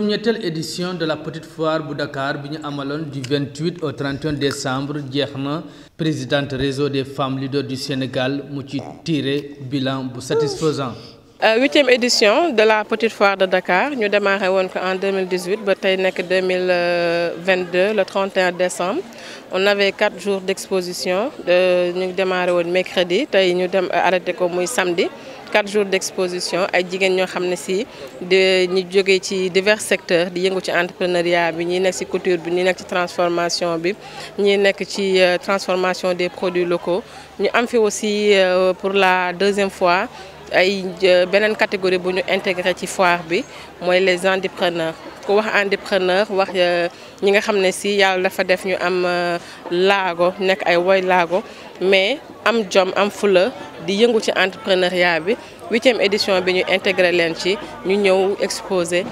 Première telle édition de la petite foire Boudakar, Dakar du 28 au 31 décembre jeex présidente réseau des femmes leaders du Sénégal mu tiré bilan satisfaisant 8 euh, 8e édition de la petite foire de Dakar Nous démarré en 2018 ba 2022 le 31 décembre on avait quatre jours d'exposition... Nous euh, ñu démarré mercredi nous ñu dem euh, samedi quatre jours d'exposition... Nous avons démarré divers secteurs di yëngu ci entrepreneuriat bi ñi couture transformation bi transformation des produits locaux Nous avons fait aussi pour la deuxième fois ay euh, beneen catégorie bu intégrer intégré ci foire bi mooy les entrepreneurs Ko wax entrepreneur wax euh, ñi nga xam si yàlla dafa def ñu am euh, lago nek ay woy laago mais am jom am fula di yëngu ci entrepreneuriat bi 8e édition bi ñu intégrer leen ci ñu ñëw exposer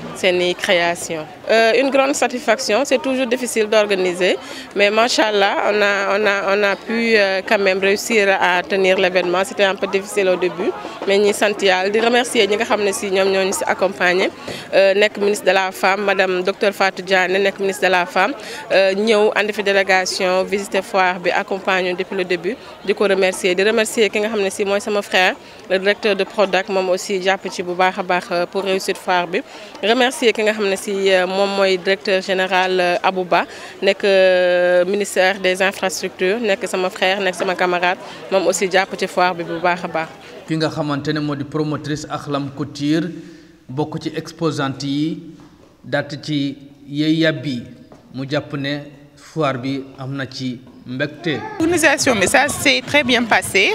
création euh, une grande satisfaction c'est toujours difficile d'organiser mais machallah on a on a on a pu euh, quand même réussir à tenir l'événement c'était un peu difficile au début mais ñi sant yàlla di remercier ñi nga qui nous si ñom ñoo accompagner euh, ministre de la femme madame docteur Fatou Diagne, nek ministre de la femme ñëw andi fi délégation visiter foire bi accompagner depuis le début di ko remercier di remercier ki nga xamné si moy frère le directeur de Prodac moom aussi jàpp ci bu baax euh, pour réussir foire bi remercier ki nga xam ne si euh, directeur général euh, Abouba, Ba ministère des infrastructures nek sama frère nek sama camarade moom aussi jàpp ci foire bi bu baax a baax. ki nga xamante ne promotrice Akhlam Couture bokk ci exposante yi dat ci yey yàbbi mu jàpp ne foire bi am ci organisation bi ça s'est très bien passé.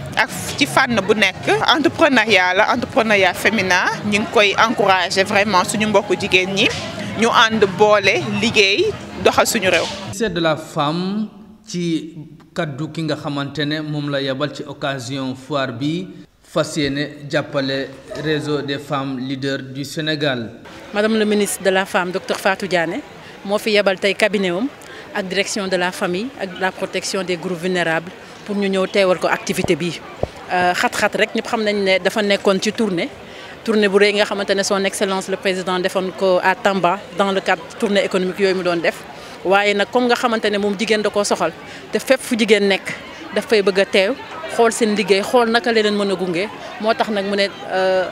ak ci fànn bu nek entrepreneuriat la entrepreneuriat féminin ñu koy encourager vraiment suñu Nous jigéen ñi ñu avons bolé liggéey doxal suñu rew de la femme ci kaddu ki nga xamantene mom la yebal ci occasion foire bi fas yéene réseau des femmes leaders du Sénégal. madame le ministre de la femme docteur Fatou Diané train fi yebal tay cabinet am ak direction de la famille ak la protection des groupes vulnérables pour ñu ñëw teewal ko activité bi euh, xat-xat rek ñëpp xam nañ ne dafa nekkoon ci tournée tournée bu rëy nga xamante ne son excellence le président defoon ko à Tamba dans le cadre tournée économique yooyu mu doon def waaye nag comme nga xamante ne moom jigéen da koo soxal te fépp fu jigéen nekk daf fay bëgg a teew xool seen liggéey xool naka la leen mën a gunge moo tax euh,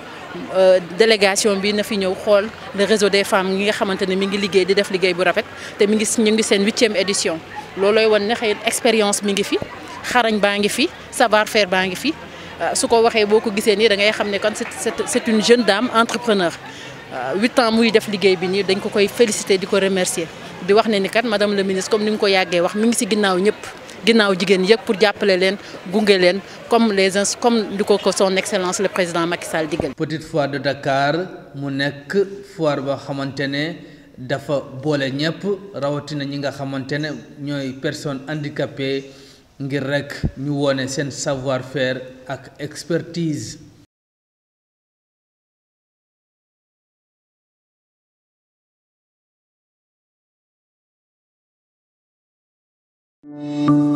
euh, délégation bi na fi ñëw xool le réseau des femmes yi nga xamante ne mi ngi liggéey di def liggéey bu rafet te mi ngi ñu ngi seen huitième édition loolooy wan ne expérience mi ngi fi xarañ baa ngi fi savoir faire baa ngi fi euh, su ko waxee boo ko gisee nii da ngay xam ne kon c'est une jeune dame entrepreneur euh, huit ans muy def liggéey bi nii dañ ko koy féliciter di ko remercier di wax ne ni kat madame le ministre comme ni nga ko yàggee wax mi ngi ci ginnaaw ñëpp ginnaaw jigéen yëpp pour jàppale leen gunge leen comme les uns comme di ko ko son excellence le président Macky Sall digal. Petite foire de Dakar mu nekk foire ba xamante ne dafa boole ñëpp rawatina ñi nga xamante ne ñooy personnes handicapées. ngir rekk ñu wone seen savoir faire ak expertise thank you